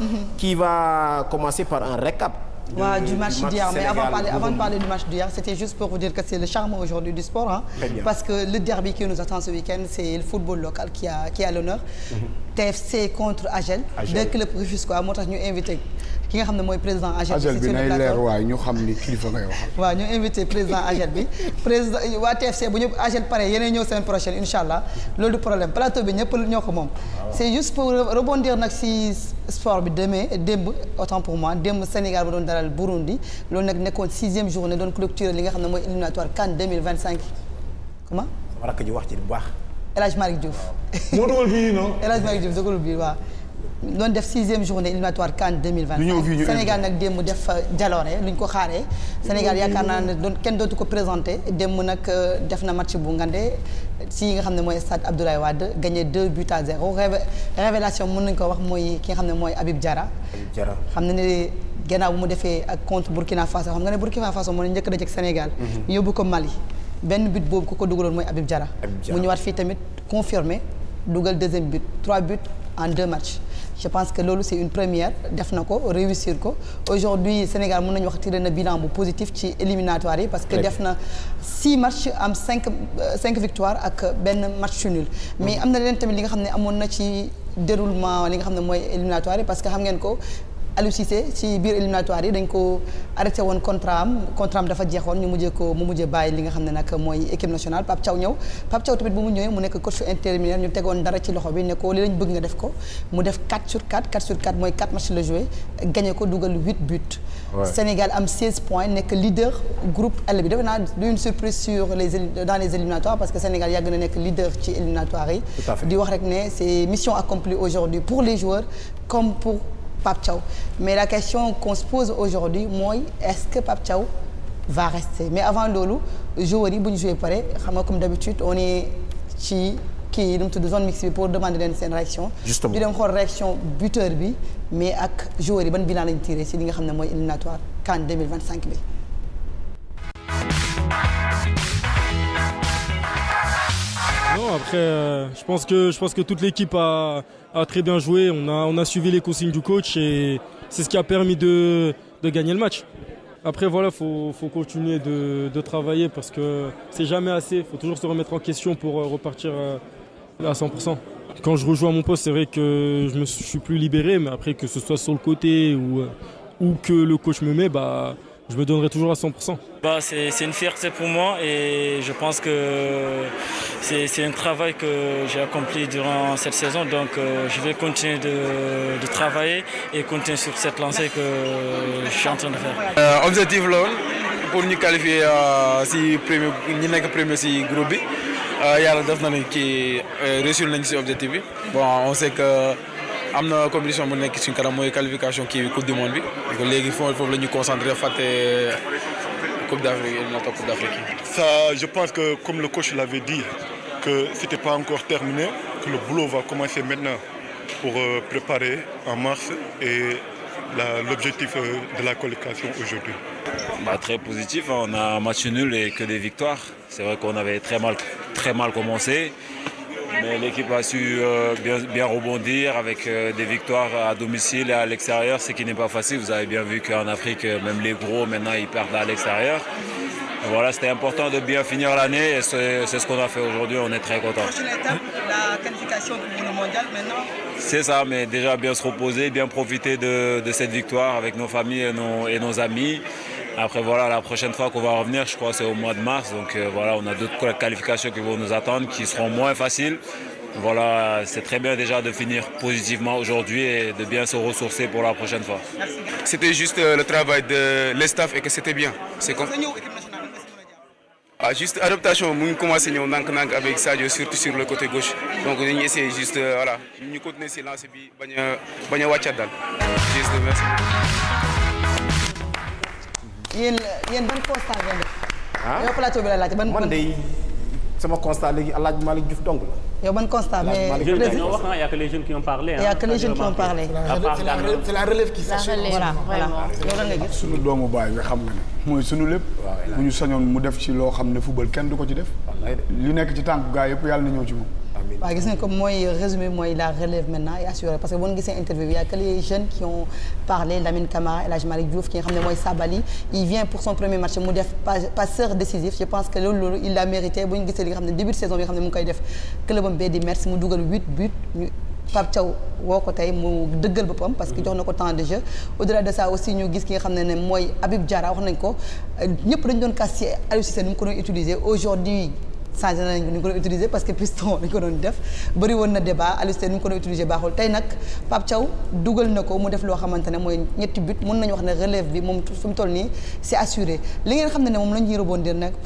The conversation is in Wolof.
Mm-hmm. qui va commencer par un récap. De, ouais, du, du match d'hier mais avant de parler, avant de parler du match d'hier c'était juste pour vous dire que c'est le charme aujourd'hui du sport hein parce que le derby qui nous attend ce week-end c'est le football local qui a qui a l'honneur mm -hmm. TFC contre Agel deux clubs rufisquois moo tax ñu invité ki nga xam ne mooy président AGEL bi nay leer waay ñu xam ni kilifa ngay wax waaw ñu invité président AGEL bi président waa TFC bu ñu AGEL pare yeneen ñëw semaine prochaine incha loolu du problème plateau bi ñëpp ñoo ko moom c'est juste pour rebondir nag si sport bi demee démb autant pour moi démb Sénégal ba doon dalal Burundi loolu nag nekkoon sixième journée doon clôturer li nga xam ne mooy éliminatoire CAN 2025 wax ci bu baax El Hadj Malick doon def sixième journée éliminatoire CAN 2025 Sénégal nag démb def jaloore lu ñu ko xaaree Sénégal yaakaar naa ne doon kenn dootu ko présenté dém nag euh, def na match bu ngande si nga xam ne mooy stade Abdoulaye Wade gagné 2 buts à 0 révélation mën nañ ko wax mooy ki nga xam ne mooy Habib Diarra xam na ne gannaaw bu mu defee ak contre Burkina Faso xam nga ne Burkina Faso moo ne njëkk dajek Sénégal ñu mhm. yóbbu ko Mali benn but boobu ku ko dugaloon mooy Habib Diarra mu ñëwaat fii tamit confirmé dugal deuxième but trois buts en deux matchs je pense que loolu c'est une première def na ko réussir ko aujourd'hui Sénégal mën nañu wax tiré na bilan bu positif ci éliminatoire yi parce que def na six matchs am cinq euh, cinq victoires ak benn match nul mais mm-hmm. am na leen tamit li nga xam ne amoon na ci déroulement li nga xam ne mooy éliminatoire yi parce que xam ngeen ko Aliou Cissé ci biir éliminatoire yi dañ ko arrêté woon contrat am contrat am dafa jeexoon ñu mujjee ko mu mujjee bàyyi li nga xam ne nag mooy équipe nationale Pape Thiaw ñëw Pape Thiaw tamit bu mu ñëwee mu nekk coach intérimaire ñu tegoon dara ci loxo bi ne li lañ bëgg nga def ko mu def 4 sur 4 sur 4 mooy 4 matchs la joué gagné ko dugal 8 buts. Sénégal am 16 points nekk leader groupe L bi defe naa du une surprise sur les dans na nekk leader ci éliminatoires yi. di wax rek ne c'est Pape Thiaw mais la question qu'on se pose aujourd'hui mooy est-ce que Pape Thiaw va rester mais avant loolu joueurs yi bu ñu joué pare xam nga comme d'habitude on est ci kii yi nu mu zone mixte bi pour demander leen seen réaction di dem xool réaction buteur bi mais ak joueurs yi ban bilan lañ tiré ci li nga xam ne mooy éliminatoire CAN Non, après, euh, je pense que je pense que toute l'équipe a, a, très bien joué. On a on a suivi les consignes du coach et c'est ce qui a permis de, de, gagner le match. Après voilà, faut faut continuer de, de travailler parce que c'est jamais assez. Faut toujours se remettre en question pour euh, repartir euh, à 100%. Quand je rejoue à mon poste, c'est vrai que je me suis plus libéré, mais après que ce soit sur le côté ou euh, ou que le coach me met, bah je me donnerai toujours à 100%. Bah, c'est une fierté pour moi et je pense que c'est un travail que j'ai accompli durant cette saison. Donc euh, je vais continuer de, de, travailler et continuer sur cette lancée que je suis en train de faire. Euh, objectif lool pour ñu qualifier euh, si premier ñi nekk premier si groupe bi euh, yàlla def nañu kii euh, réussir nañu si objectif bi on sait que. am na compétition bu nekk suñ kanam mooy qualification kii bi coupe du monde bi donc léegi foofu la ñuy concentré fàtte coupe d'Afrique éliminatoire coupe d'Afrique. ça je pense que comme le coach l'avait dit que c'était pas encore terminé que le boulot va commencer maintenant pour euh, préparer en mars et l'objectif euh, de la qualification aujourd'hui. Bah, très positif, on a un match nul et que des victoires. C'est vrai qu'on avait très mal, très mal commencé. Mais l'équipe a su euh, bien, bien, rebondir avec euh, des victoires à domicile et à l'extérieur, ce qui n'est pas facile. Vous avez bien vu qu'en Afrique, euh, même les gros, maintenant, ils perdent à l'extérieur. Voilà, c'était important de bien finir l'année et c'est ce qu'on a fait aujourd'hui. On est très content. La qualification du mondial maintenant. C'est ça, mais déjà bien se reposer, bien profiter de, de, cette victoire avec nos familles et nos, et nos amis. Après, voilà, la prochaine fois qu'on va revenir, je crois c'est au mois de mars. Donc euh, voilà, on a d'autres qualifications qui vont nous attendre, qui seront moins faciles. Voilà, c'est très bien déjà de finir positivement aujourd'hui et de bien se ressourcer pour la prochaine fois. C'était juste euh, le travail de l'estaf et que c'était bien. C'est comme... Ah, juste adaptation, nous commençons à avec ça, surtout sur le côté gauche. Donc nous essayons juste, euh, voilà, nous continuons à lancer, nous Juste merci. yéen ban constat ngeen def. ah yow plateau bi la laaj ban. man de sama constat léegi El Hadj Malick Diouf dong la. yow ban constat mais président na ah, y' a que les jeunes qui ont parlé. y' a ah, que les jeunes la relève qui s'assure. voilà voilà loolu la nga sunu doomu baay nga xam nga ne mooy sunu lépp. mu ñu sañoon mu def ci loo xam ne football kenn du ko ci def. li nekk ci tànk gaa yëpp yàlla na ñëw ci moom. waaw gis nga comme mooy résumé mooy la relève maintenant et assurée parce que boo gisee interview bi y a jeunes qui ont parlé Lamine Camara El Hadj Malick Diouf ki nga xam ne mooy Sabali il vient pour son premier match mu def passeur décisif je pense que loolu loolu il l'a mérité bu ñu li nga xam ne début saison bi nga xam ne mu ngi def club am bee di Metz mu dugal huit buts ñu Pape Thiaw woo ko tey mu parce que jox na ko temps de jeu au-delà de ça aussi ñu changé nañ ko ni ñu ko doon utiliser parce que piston lañ ko doon def bëri na débat Aliou Sène ñu ko doon utiliser baaxul tey nag Pape dugal na ko mu def loo xamante ne mooy ñetti but mën nañu wax ne relève bi moom fi mu toll nii c'est assuré li ngeen xam ne ne moom la ñuy nag